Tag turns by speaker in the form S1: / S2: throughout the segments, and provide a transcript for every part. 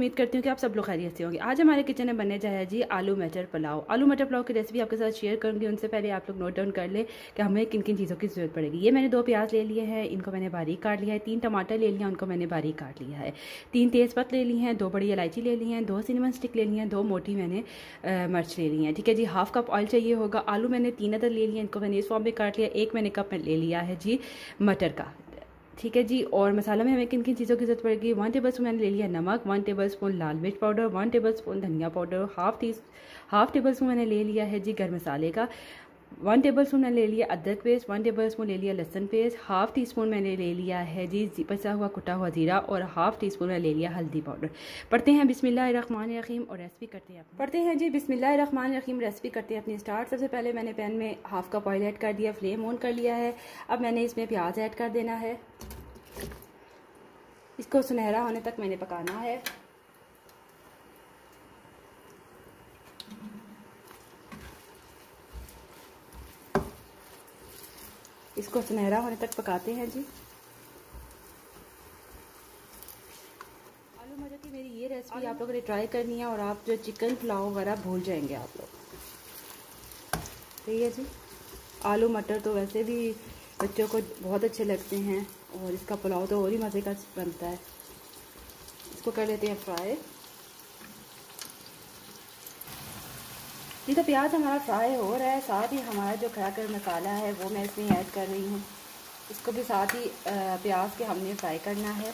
S1: उम्मीद करती हूँ कि आप सब लोग खैरियत से होंगे आज हमारे किचन में बनने जाए जी आलू मटर पुलाव आलू मटर पुलाव की रेसिपी आपके साथ शेयर करूँगी उनसे पहले आप लोग नोट डाउन कर लें कि हमें किन किन चीज़ों की ज़रूरत पड़ेगी ये मैंने दो प्याज ले लिए हैं इनको मैंने बारीक काट लिया है तीन टमाटर ले लिया उनको मैंने बारीक काट लिया है तीन तेज़ ले ली हैं दो बड़ी इलायची ले ली हैं दो सिनेमन स्टिक ले ली हैं दो मोटी मैंने मर्च ले ली हैं ठीक है जी हाफ कप ऑयल चाहिए होगा आलू मैंने तीन अदर ले लिए इनको मैंने इस फॉर्म में काट लिया एक मैंने कप ले लिया है जी मटर का ठीक है जी और मसाला में हमें किन किन चीज़ों की जरूरत पड़ेगी वन टेबल स्पून मैंने ले लिया नमक वन टेबल स्पून लाल मिर्च पाउडर वन टेबल स्पून धनिया powder half tea half tablespoon मैंने ले लिया है जी गर्म मसाले का वन टेबल स्पून मैंने ले लिया अदरक पेस्ट वन टेबल स्पून ले लिया लहसन पेस्ट हाफ टी स्पून मैंने ले लिया है जी पचा हुआ कुटा हुआ ज़ीरा और हाफ टी स्पून मैंने ले लिया हल्दी पाउडर पढ़ते हैं बिस्मिल्लाह रहमान रहीम और रेसिपी करते हैं पढ़ते हैं जी बिस्मिल्लाह रहमान रहीम रेसिपी करते हैं अपनी स्टार्ट सबसे पहले मैंने पैन में हाफ कप ऑयल ऐड कर दिया फ्लेम ऑन कर लिया है अब मैंने इसमें प्याज ऐड कर देना है इसको सुनहरा होने तक मैंने पकाना है इसको सुनहरा होने तक पकाते हैं जी आलू मटर की मेरी ये रेसिपी आप लोगों ने ट्राई करनी है और आप जो चिकन पुलाव वगैरह भूल जाएंगे आप लोग ठीक है जी आलू मटर तो वैसे भी बच्चों को बहुत अच्छे लगते हैं और इसका पुलाव तो और ही मज़े का बनता है इसको कर लेते हैं फ्राई ये तो प्याज हमारा फ्राई हो रहा है साथ ही हमारा जो खड़ा कर मसाला है वो मैं इसमें ऐड कर रही हूँ इसको भी साथ ही प्याज के हमने फ्राई करना है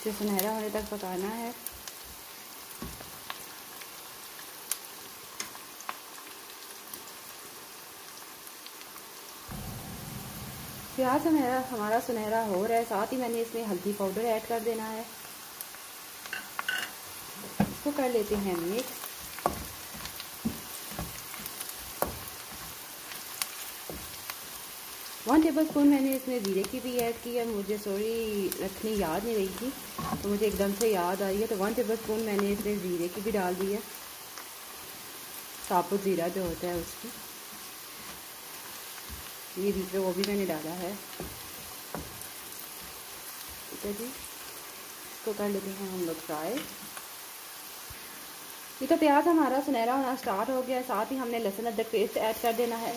S1: इसे सुनहरा होने तक पकाना है प्याज हमारा हमारा सुनहरा हो रहा है साथ ही मैंने इसमें हल्दी पाउडर ऐड कर देना है इसको कर लेते हैं मिक्स वन टेबल स्पून मैंने इसमें जीरे की भी ऐड की है मुझे सॉरी रखनी याद नहीं रही थी तो मुझे एकदम से याद आई है तो वन टेबल स्पून मैंने इसमें जीरे की भी डाल दी है साबुत ज़ीरा जो होता है उसकी ये बीच में वो भी मैंने डाला है ठीक है जी इसको कर लेते हैं हम लोग फ्राई ये तो प्याज हमारा सुनहरा होना स्टार्ट हो गया साथ ही हमने लहसुन अदरक पेस्ट ऐड कर देना है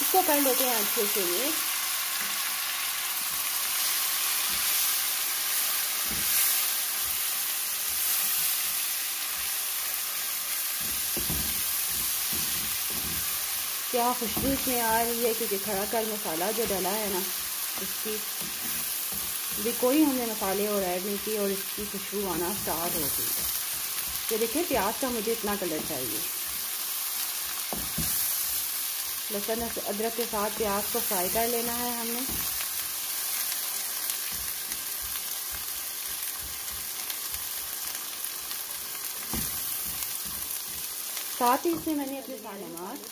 S1: इसको कर लेते हैं अच्छे से ये क्या खुशबू इसमें आ रही है क्योंकि खड़ा कर मसाला जो डला है ना इसकी भी कोई हमने मसाले और ऐड नहीं किए और इसकी खुशबू आना स्टार्ट हो गई है तो देखिए प्याज का मुझे इतना कलर चाहिए लहसुन अदरक के साथ प्याज को फ्राई कर लेना है हमने साथ ही इसमें मैंने अपने नमाज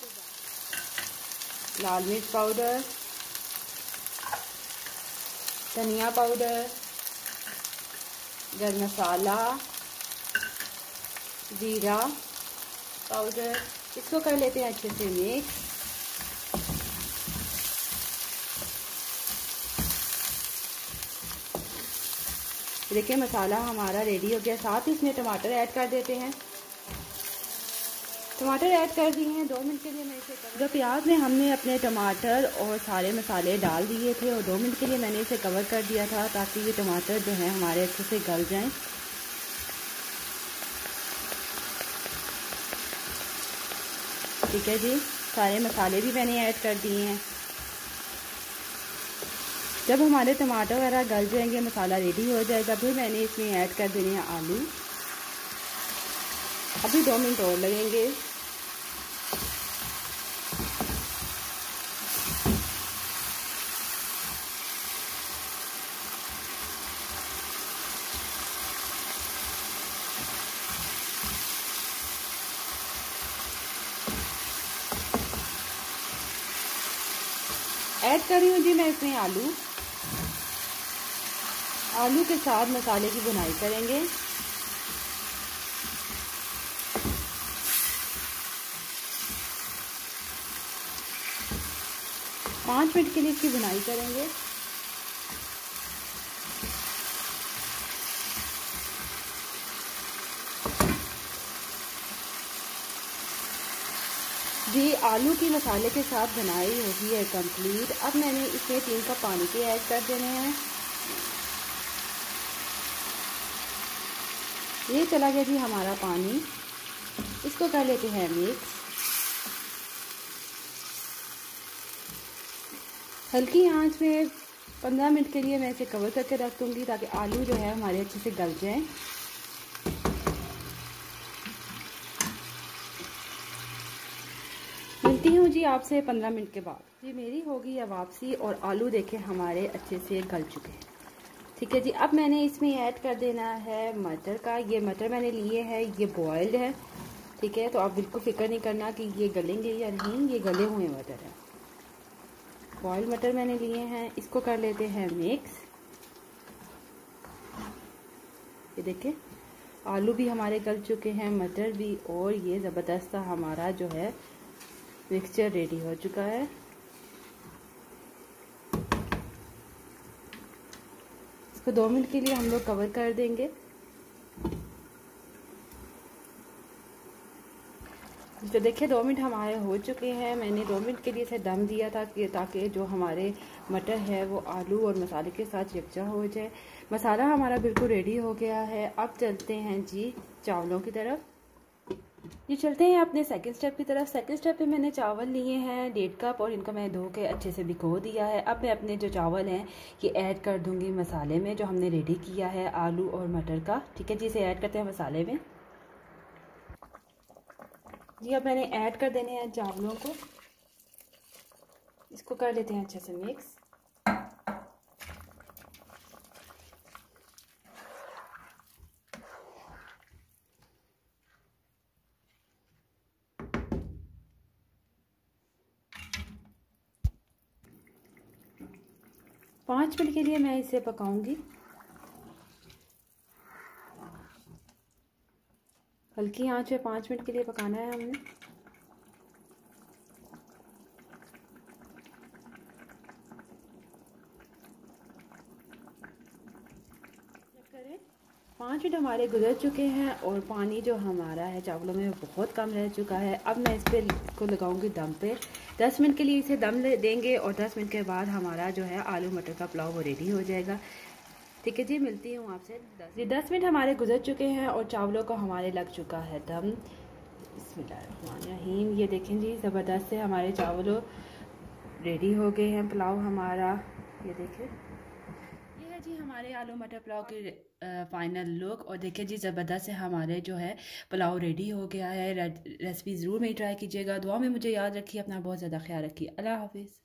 S1: लाल मिर्च पाउडर धनिया पाउडर गर्म मसाला जीरा पाउडर इसको कर लेते हैं अच्छे से मिक्स देखिए मसाला हमारा रेडी हो गया साथ ही इसमें टमाटर ऐड कर देते हैं टमाटर ऐड कर दिए हैं दो मिनट के लिए मैं इसे कवर प्याज में हमने अपने टमाटर और सारे मसाले डाल दिए थे और दो मिनट के लिए मैंने इसे कवर कर दिया था ताकि ये टमाटर जो है हमारे अच्छे से गल जाएं ठीक है जी सारे मसाले भी मैंने ऐड कर दिए हैं जब हमारे टमाटर वगैरह गल जाएंगे मसाला रेडी हो जाएगा फिर मैंने इसमें ऐड कर देने हैं आलू अभी दो मिनट और लगेंगे ऐड कर रही हूँ जी मैं इसमें आलू आलू के साथ मसाले की बुनाई करेंगे पाँच मिनट के लिए इसकी बुनाई करेंगे जी आलू की मसाले के साथ बनाई होगी है कंप्लीट अब मैंने इसमें तीन कप पानी के ऐड कर देने हैं ये चला गया जी हमारा पानी इसको कर लेते हैं मिक्स हल्की आंच में पंद्रह मिनट के लिए मैं इसे कवर करके रख दूँगी ताकि आलू जो है हमारे अच्छे से गल जाएँ मिलती हूँ जी आपसे पंद्रह मिनट के बाद जी मेरी होगी या वापसी और आलू देखें हमारे अच्छे से गल चुके हैं ठीक है जी अब मैंने इसमें ऐड कर देना है मटर का ये मटर मैंने लिए है ये बॉयल्ड है ठीक है तो आप बिल्कुल फिक्र नहीं करना कि ये गलेंगे या नहीं ये गले हुए मटर हैं बॉयल मटर मैंने लिए हैं इसको कर लेते हैं मिक्स ये देखिए आलू भी हमारे गल चुके हैं मटर भी और ये ज़बरदस्त हमारा जो है मिक्सचर रेडी हो चुका है इसको दो मिनट के लिए हम लोग कवर कर देंगे तो देखिए दो मिनट हमारे हो चुके हैं मैंने दो मिनट के लिए इसे दम दिया था कि ताकि जो हमारे मटर है वो आलू और मसाले के साथ यकजा हो जाए मसाला हमारा बिल्कुल रेडी हो गया है अब चलते हैं जी चावलों की तरफ ये चलते हैं अपने सेकंड स्टेप की तरफ सेकंड स्टेप पे मैंने चावल लिए हैं डेढ़ कप और इनको मैंने धो के अच्छे से भिगो दिया है अब मैं अपने जो चावल हैं ये ऐड कर दूंगी मसाले में जो हमने रेडी किया है आलू और मटर का ठीक है जी इसे ऐड करते हैं मसाले में जी अब मैंने ऐड कर देने हैं चावलों को इसको कर लेते हैं अच्छे से मिक्स पाँच मिनट के लिए मैं इसे पकाऊंगी हल्की आंच पे पाँच मिनट के लिए पकाना है हमने पाँच मिनट हमारे गुजर चुके हैं और पानी जो हमारा है चावलों में बहुत कम रह चुका है अब मैं इस पर इसको लगाऊंगी दम पे दस मिनट के लिए इसे दम देंगे और दस मिनट के बाद हमारा जो है आलू मटर का पुलाव वो रेडी हो जाएगा ठीक है जी मिलती हूँ आपसे दस जी दस मिनट हमारे गुजर चुके हैं और चावलों को हमारे लग चुका है दम इसमें ये देखें जी ज़बरदस्त से हमारे चावलों रेडी हो गए हैं पुलाव हमारा ये देखें ये है जी हमारे आलू मटर पुलाव की फ़ाइनल लुक और देखिए जी ज़बरदस्त से हमारे जो है पुलाव रेडी हो गया है रेसिपी ज़रूर मेरी ट्राई कीजिएगा दुआ में मुझे याद रखिए अपना बहुत ज़्यादा ख्याल रखिए अल्लाह हाफिज़